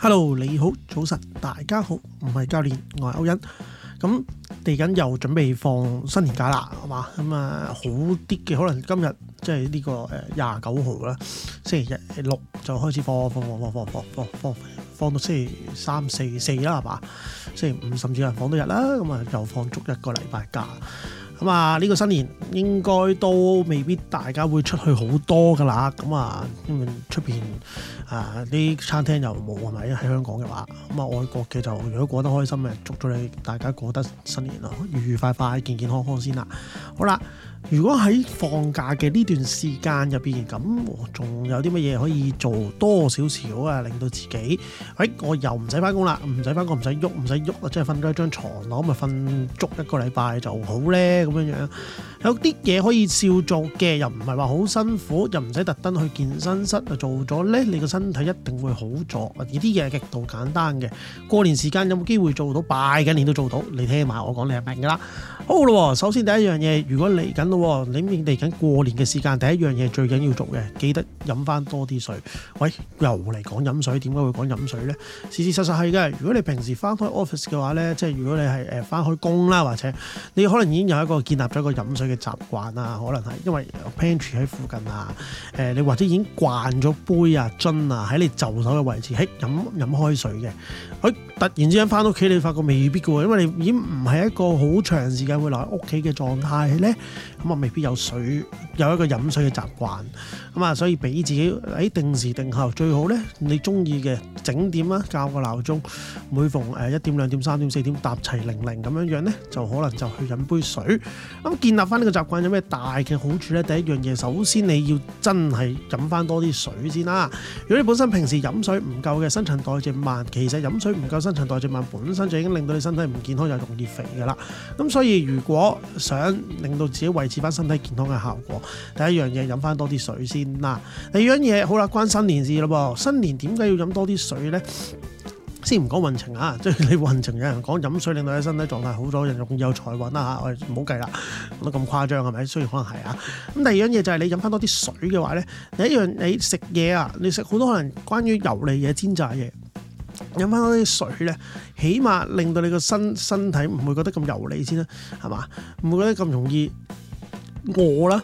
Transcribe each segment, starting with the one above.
Hello，你好，早晨，大家好，唔係教練，我係歐欣，咁嚟緊又準備放新年假啦，係嘛，咁啊好啲嘅，可能今、就是、日即係呢個誒廿九號啦，星期日六就開始放放放放放放放放，放放放放放放放放到星期三四四啦，係嘛，星期五甚至係放多日啦，咁啊又放足一個禮拜假。咁啊，呢個新年應該都未必大家會出去好多㗎啦。咁、嗯、啊，出邊啊啲餐廳又冇係咪？喺香港嘅話，咁、嗯、啊外國嘅就如果過得開心嘅，祝咗你大家過得新年囉，愉愉快快、健健康康先啦。好啦，如果喺放假嘅呢段時間入邊，咁仲有啲乜嘢可以做多少少啊，令到自己誒、哎、我又唔使返工啦，唔使返工，唔使喐，唔使喐啊，即係瞓低張牀攞咪瞓足一個禮拜就好咧。咁樣樣有啲嘢可以笑做嘅，又唔係話好辛苦，又唔使特登去健身室就做咗咧，你個身體一定會好咗。而啲嘢極度簡單嘅，過年時間有冇機會做到？拜緊年都做到，你聽埋我講，你係明㗎啦。好啦、哦，首先第一樣嘢，如果你嚟緊啦，你嚟緊過年嘅時間，第一樣嘢最緊要做嘅，記得飲翻多啲水。喂，又嚟講飲水，點解會講飲水呢？事實實實係嘅。如果你平時翻開 office 嘅話呢，即係如果你係誒翻開工啦，或者你可能已經有一個。建立咗個飲水嘅習慣啊，可能係因為有 pantry 喺附近啊，誒你或者已經慣咗杯啊樽啊喺你就手嘅位置喺飲飲開水嘅。佢、哎、突然之間返屋企，你發覺未必嘅喎，因為你已經唔係一個好長時間會留喺屋企嘅狀態咧，咁啊未必有水有一個飲水嘅習慣，咁啊所以俾自己喺定時定候最好咧，你中意嘅整點啦，校個鬧鐘，每逢誒一點兩點三點四點搭齊零零咁樣樣咧，就可能就去飲杯水。咁建立翻呢個習慣有咩大嘅好處呢？第一樣嘢，首先你要真係飲翻多啲水先啦。如果你本身平時飲水唔夠嘅，新陳代謝慢，其實飲水唔夠，新陳代謝慢本身就已經令到你身體唔健康，又容易肥噶啦。咁所以如果想令到自己維持翻身體健康嘅效果，第一樣嘢飲翻多啲水先啦。第二樣嘢，好啦，關新年事咯噃。新年點解要飲多啲水呢？先唔講運程啊，即係你運程有人講飲水令到你身體狀態好咗，人容易有財運啦嚇，我哋唔好計啦，講得咁誇張係咪？雖然可能係啊，咁第二樣嘢就係你飲翻多啲水嘅話咧，第一樣你食嘢啊，你食好多可能關於油膩嘢、煎炸嘢，飲翻多啲水咧，起碼令到你個身身體唔會覺得咁油膩先啦，係嘛？唔會覺得咁容易餓啦。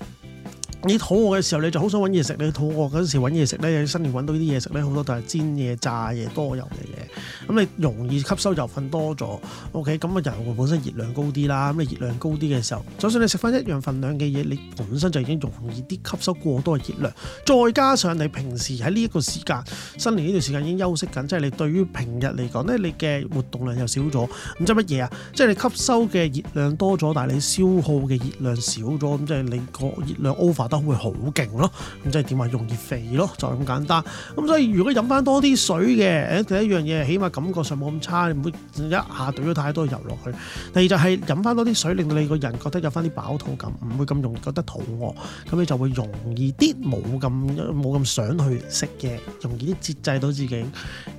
你肚餓嘅時候，你就好想揾嘢食。你肚餓嗰時揾嘢食咧，新年揾到啲嘢食咧，好多都係煎嘢、炸嘢、多油嘅嘢。咁你容易吸收油分多咗。O.K. 咁個油本身熱量高啲啦。咁你熱量高啲嘅時候，就算你食翻一樣份量嘅嘢，你本身就已經容易啲吸收過多嘅熱量。再加上你平時喺呢一個時間，新年呢段時間已經休息緊，即係你對於平日嚟講咧，你嘅活動量又少咗。咁即係乜嘢啊？即係你吸收嘅熱量多咗，但係你消耗嘅熱量少咗。咁即係你個熱量 over。會好勁咯，咁即係點話容易肥咯，就係咁簡單。咁所以如果飲翻多啲水嘅，第一樣嘢起碼感覺上冇咁差，你唔會一下倒咗太多油落去。第二就係飲翻多啲水，令到你個人覺得有翻啲飽肚感，唔會咁容易覺得肚餓。咁你就會容易啲，冇咁冇咁想去食嘢，容易啲節制到自己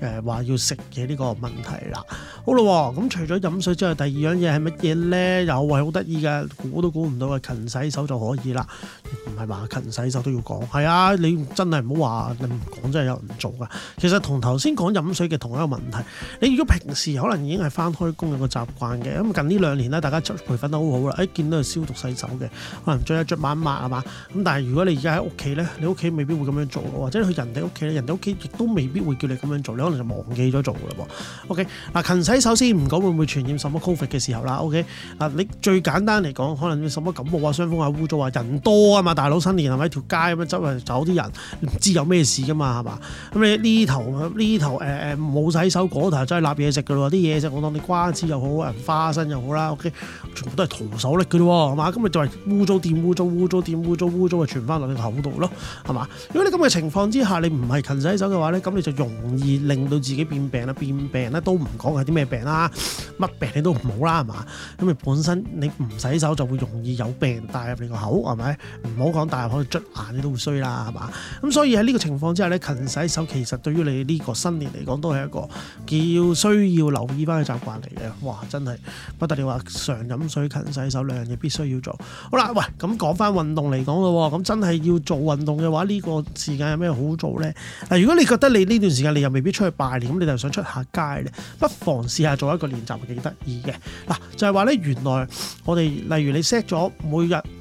誒話、呃、要食嘢呢個問題啦。好啦，咁除咗飲水之外，第二樣嘢係乜嘢咧？又係好得意噶，估都估唔到嘅，勤洗手就可以啦，唔、嗯、係。話勤洗手都要講，係啊！你真係唔好話，你唔講真係有人做噶。其實同頭先講飲水嘅同一個問題，你如果平時可能已經係翻開工有個習慣嘅，咁近呢兩年咧，大家培訓得好好啦，誒見到消毒洗手嘅，可能着一着抹一抹係嘛？咁但係如果你而家喺屋企咧，你屋企未必會咁樣做，或者去人哋屋企，人哋屋企亦都未必會叫你咁樣做，你可能就忘記咗做啦噃。OK，嗱勤洗手先唔講會唔會傳染什麼 COVID 嘅時候啦。OK，嗱你最簡單嚟講，可能什麼感冒啊、傷風啊、污糟啊，人多啊嘛，但大佬新年係咪條街咁樣執嚟走啲人？唔知有咩事㗎嘛係嘛？咁你呢頭，呢頭誒誒冇洗手，嗰頭真係立嘢食㗎咯。啲嘢食我當你瓜子又好，花生又好啦，OK 全部都係徒手拎㗎咯係嘛？咁你就係污糟掂污糟，污糟掂污糟，污糟嘅傳翻落你口度咯係嘛？如果你咁嘅情況之下，你唔係勤洗手嘅話咧，咁你就容易令到自己變病啦。變病咧都唔講係啲咩病啦，乜病你都唔好啦係嘛？因你本身你唔洗手就會容易有病帶入你個口係咪？唔好。講大可以捽眼，你都會衰啦，係嘛？咁所以喺呢個情況之下咧，勤洗手其實對於你呢個新年嚟講，都係一個叫需要留意翻嘅習慣嚟嘅。哇，真係不得了話常飲水、勤洗手兩樣嘢，必須要做。好啦，喂，咁講翻運動嚟講咯，咁真係要做運動嘅話，呢個時間有咩好做咧？嗱，如果你覺得你呢段時間你又未必出去拜年，咁你就想出下街咧，不妨試下做一個練習，幾得意嘅。嗱，就係話咧，原來我哋例如你 set 咗每日。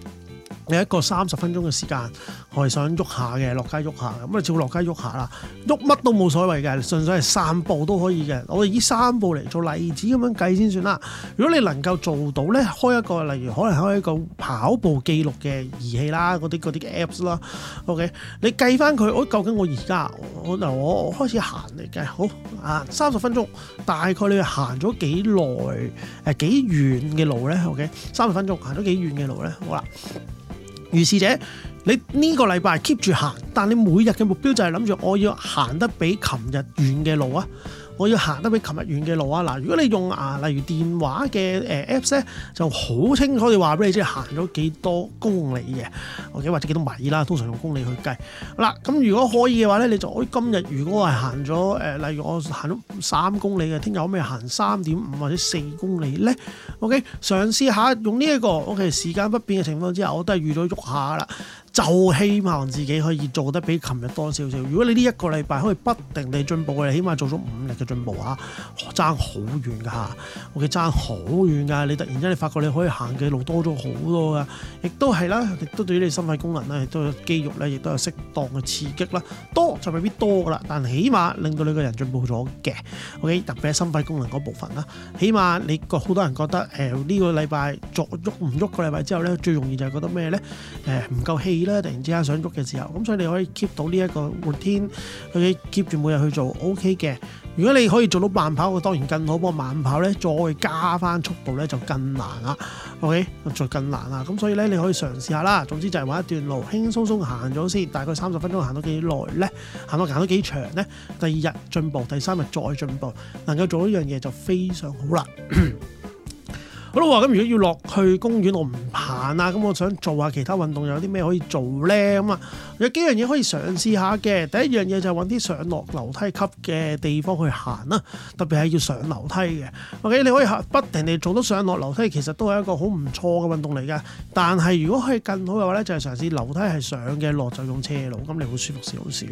你一個三十分鐘嘅時間，我係想喐下嘅，落街喐下咁你照落街喐下啦，喐乜都冇所謂嘅，純粹係散步都可以嘅。我哋以三步嚟做例子咁樣計先算啦。如果你能夠做到咧，開一個例如可能開一個跑步記錄嘅儀器啦，嗰啲嗰啲 Apps 啦，OK，你計翻佢，我究竟我而家我，嗱我開始行嚟計，好啊，三十分鐘，大概你行咗幾耐誒幾遠嘅路咧？OK，三十分鐘行咗幾遠嘅路咧？好啦。如是者，你呢個禮拜 keep 住行，但你每日嘅目標就係諗住我要行得比琴日遠嘅路啊！我要行得比琴日遠嘅路啊！嗱，如果你用啊，例如電話嘅 Apps 咧，就好清楚地話俾你即係行咗幾多公里嘅，或者或者幾多米啦。通常用公里去計。嗱，咁如果可以嘅話咧，你就，我今日如果係行咗例如我行咗三公里嘅，聽日可唔可以行三點五或者四公里咧？OK，嘗試下用呢、這、一個 OK 時間不變嘅情況之下，我都係預咗喐下啦。就希望自己可以做得比琴日多少少。如果你呢一個禮拜可以不停地進步，你起碼做咗五日嘅進步啊，爭好遠㗎嚇！O.K. 爭好遠㗎。你突然之間你發覺你可以行嘅路多咗好多㗎，亦都係啦，亦都對於你心肺功能咧，亦都有肌肉咧，亦都有適當嘅刺激啦。多就未必多㗎啦，但係起碼令到你個人進步咗嘅。O.K. 特別係心肺功能嗰部分啦，起碼你個好多人覺得誒呢個禮拜作喐唔喐，個禮拜之後咧，最容易就係覺得咩咧？誒唔夠氣。啦！突然之間想喐嘅時候，咁所以你可以 keep 到呢一個活天，去 keep 住每日去做 OK 嘅。如果你可以做到慢跑，我當然更好。不過慢跑咧，再加返速度咧，就更難啦。OK，就更難啦。咁所以咧，你可以嘗試下啦。總之就係玩一段路，輕輕鬆鬆行咗先，大概三十分鐘行到幾耐咧，行到行到幾長咧。第二日進步，第三日再進步，能夠做呢樣嘢就非常好啦。 好啦，話咁如果要落去公園，我唔行啊，咁我想做下其他運動，有啲咩可以做咧？咁啊，有幾樣嘢可以嘗試一下嘅。第一樣嘢就係揾啲上落樓梯級嘅地方去行啦，啊，特別係要上樓梯嘅。O、okay? K，你可以不停地做到上落樓梯，其實都係一個好唔錯嘅運動嚟㗎。但係如果可以更好嘅話咧，就係、是、嘗試樓梯係上嘅，落就用車路，咁你會舒服少少，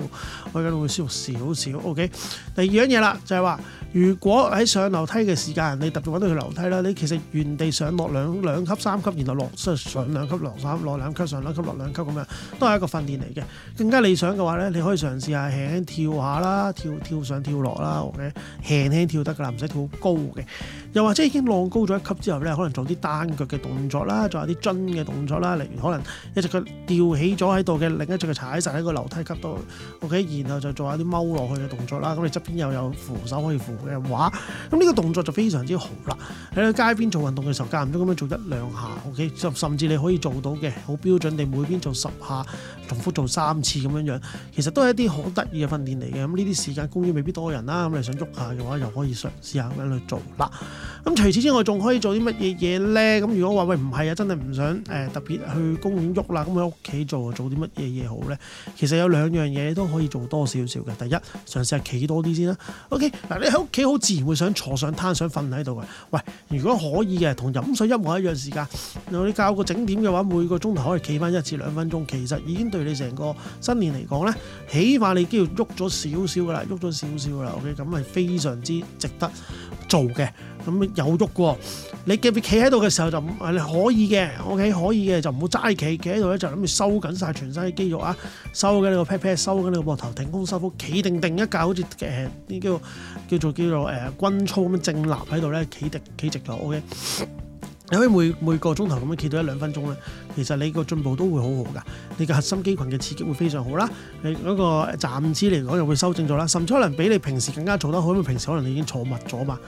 我覺得會舒服少少。O K，第二樣嘢啦，就係、是、話如果喺上樓梯嘅時間，你特別揾到條樓梯啦，你其實地上落兩兩級三級，然後落上兩級、落三落兩級、上兩級、落兩級。咁樣，都係一個訓練嚟嘅。更加理想嘅話咧，你可以嘗試下輕輕跳下啦，跳跳上跳落啦，O.K. 輕輕跳得㗎啦，唔使跳高嘅。又或者已經晾高咗一級之後咧，可能做啲單腳嘅動作啦，做下啲樽嘅動作啦，例如可能一隻腳吊起咗喺度嘅，另一隻腳踩實喺個樓梯級度，O.K. 然後就做下啲踎落去嘅動作啦。咁你側邊又有扶手可以扶嘅話，咁呢個動作就非常之好啦。喺街邊做運動嘅時候，間唔中咁樣做一兩下，OK，甚至你可以做到嘅，好標準地每邊做十下，重複做三次咁樣樣，其實都係一啲好得意嘅訓練嚟嘅。咁呢啲時間公園未必多人啦，咁你想喐下嘅話，又可以嘗試下咁樣去做啦。咁除此之外，仲可以做啲乜嘢嘢咧？咁如果話喂唔係啊，真係唔想誒、呃、特別去公園喐啦，咁喺屋企做做啲乜嘢嘢好咧？其實有兩樣嘢都可以做多少少嘅。第一，嘗試下企多啲先啦。OK，嗱，你喺屋企好自然會想坐上攤，想瞓喺度嘅。喂，如果可以嘅。同飲水一模一樣，時間，如果你教個整點嘅話，每個鐘頭可以企翻一次兩分鐘，其實已經對你成個新年嚟講呢，起碼你都要喐咗少少噶啦，喐咗少少噶啦。OK，咁係非常之值得。做嘅咁有喐過，你記企喺度嘅時候就唔誒你可以嘅，OK 可以嘅就唔好齋企，企喺度咧就諗住收緊晒全身嘅肌肉啊，收緊你個屁屁，收緊你個膊頭，挺胸收腹，企定定一架。好似誒啲叫叫做叫做誒軍操咁正立喺度咧，企直企直就 OK。你可以每每個鐘頭咁樣企到一兩分鐘咧，其實你個進步都會好好噶，你嘅核心肌群嘅刺激會非常好啦，你嗰個站姿嚟講又會修正咗啦，甚至可能比你平時更加做得好，因為平時可能你已經坐密咗嘛。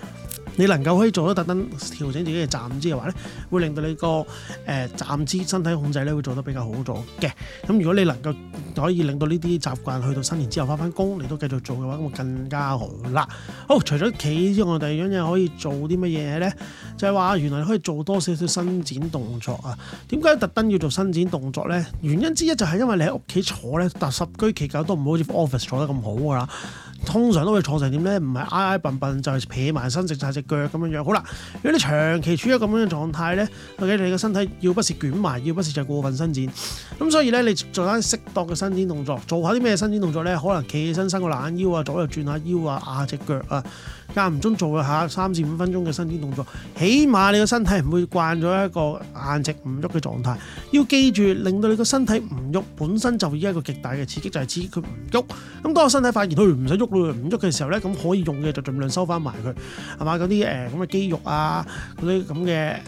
你能夠可以做到特登調整自己嘅站姿嘅話咧，會令到你個誒、呃、站姿身體控制咧會做得比較好咗嘅。咁如果你能夠可以令到呢啲習慣去到新年之後翻返工你都繼續做嘅話，咁會更加好啦。好，除咗企之外，第二樣嘢可以做啲乜嘢咧？就係、是、話原來你可以做多少少伸展動作啊。點解特登要做伸展動作咧？原因之一就係因為你喺屋企坐咧，特十居其九都唔好似 office 坐得咁好噶啦。通常都會坐成點咧？唔係挨挨笨笨，就係撇埋身，直晒隻腳咁樣樣。好啦，如果你長期處於咁樣嘅狀態咧，我你嘅身體要不係捲埋，要不係就過分伸展。咁所以咧，你做翻適當嘅伸展動作，做下啲咩伸展動作咧？可能企起身伸個懶腰啊，左右轉下腰啊，壓隻腳啊，間唔中做下三至五分鐘嘅伸展動作，起碼你嘅身體唔會慣咗一個硬直唔喐嘅狀態。要記住，令到你嘅身體唔喐，本身就已一個極大嘅刺激，就係刺激佢唔喐。咁當個身體發現，佢唔使喐。唔喐嘅時候咧，咁可以用嘅就儘量收翻埋佢，係嘛？嗰啲誒、咁嘅肌肉啊，嗰啲咁嘅。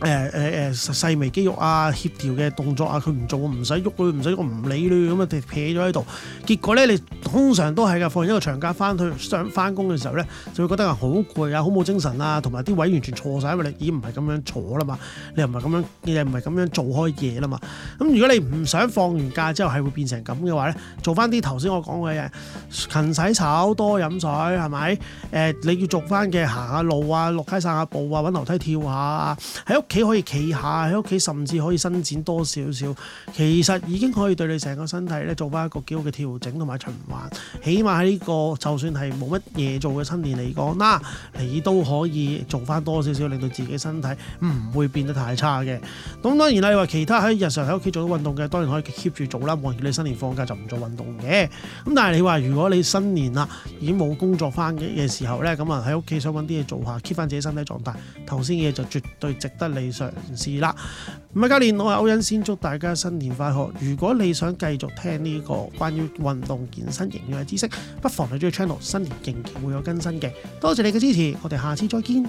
誒誒誒細微肌肉啊、協調嘅動作啊，佢唔做唔使喐佢，唔使我唔理佢，咁啊撇咗喺度。結果咧，你通常都係㗎，放完一個長假翻去上翻工嘅時候咧，就會覺得啊好攰啊，好冇精神啊，同埋啲位完全錯晒，因為你已經唔係咁樣坐啦嘛，你又唔係咁樣，你又唔係咁樣做開嘢啦嘛。咁如果你唔想放完假之後係會變成咁嘅話咧，做翻啲頭先我講嘅嘢，勤洗手，多飲水係咪？誒、呃、你要做翻嘅行下路啊，落街散下步啊，揾樓梯跳下、啊、喺屋企可以企下喺屋企，甚至可以伸展多少少，其實已經可以對你成個身體咧做翻一個幾好嘅調整同埋循環，起碼喺呢個就算係冇乜嘢做嘅新年嚟講啦，你都可以做翻多少少，令到自己身體唔會變得太差嘅。咁、嗯、當然啦，你話其他喺日常喺屋企做啲運動嘅，當然可以 keep 住做啦。冇人叫你新年放假就唔做運動嘅。咁但係你話如果你新年啦已經冇工作翻嘅時候咧，咁啊喺屋企想揾啲嘢做下，keep 翻自己身體狀態，頭先嘅嘢就絕對值得你嚟嘗試啦，唔係，教練我係歐恩，先祝大家新年快樂。如果你想繼續聽呢個關於運動健身、營養嘅知識，不妨去咗 channel，新年仍然會有更新嘅。多謝你嘅支持，我哋下次再見。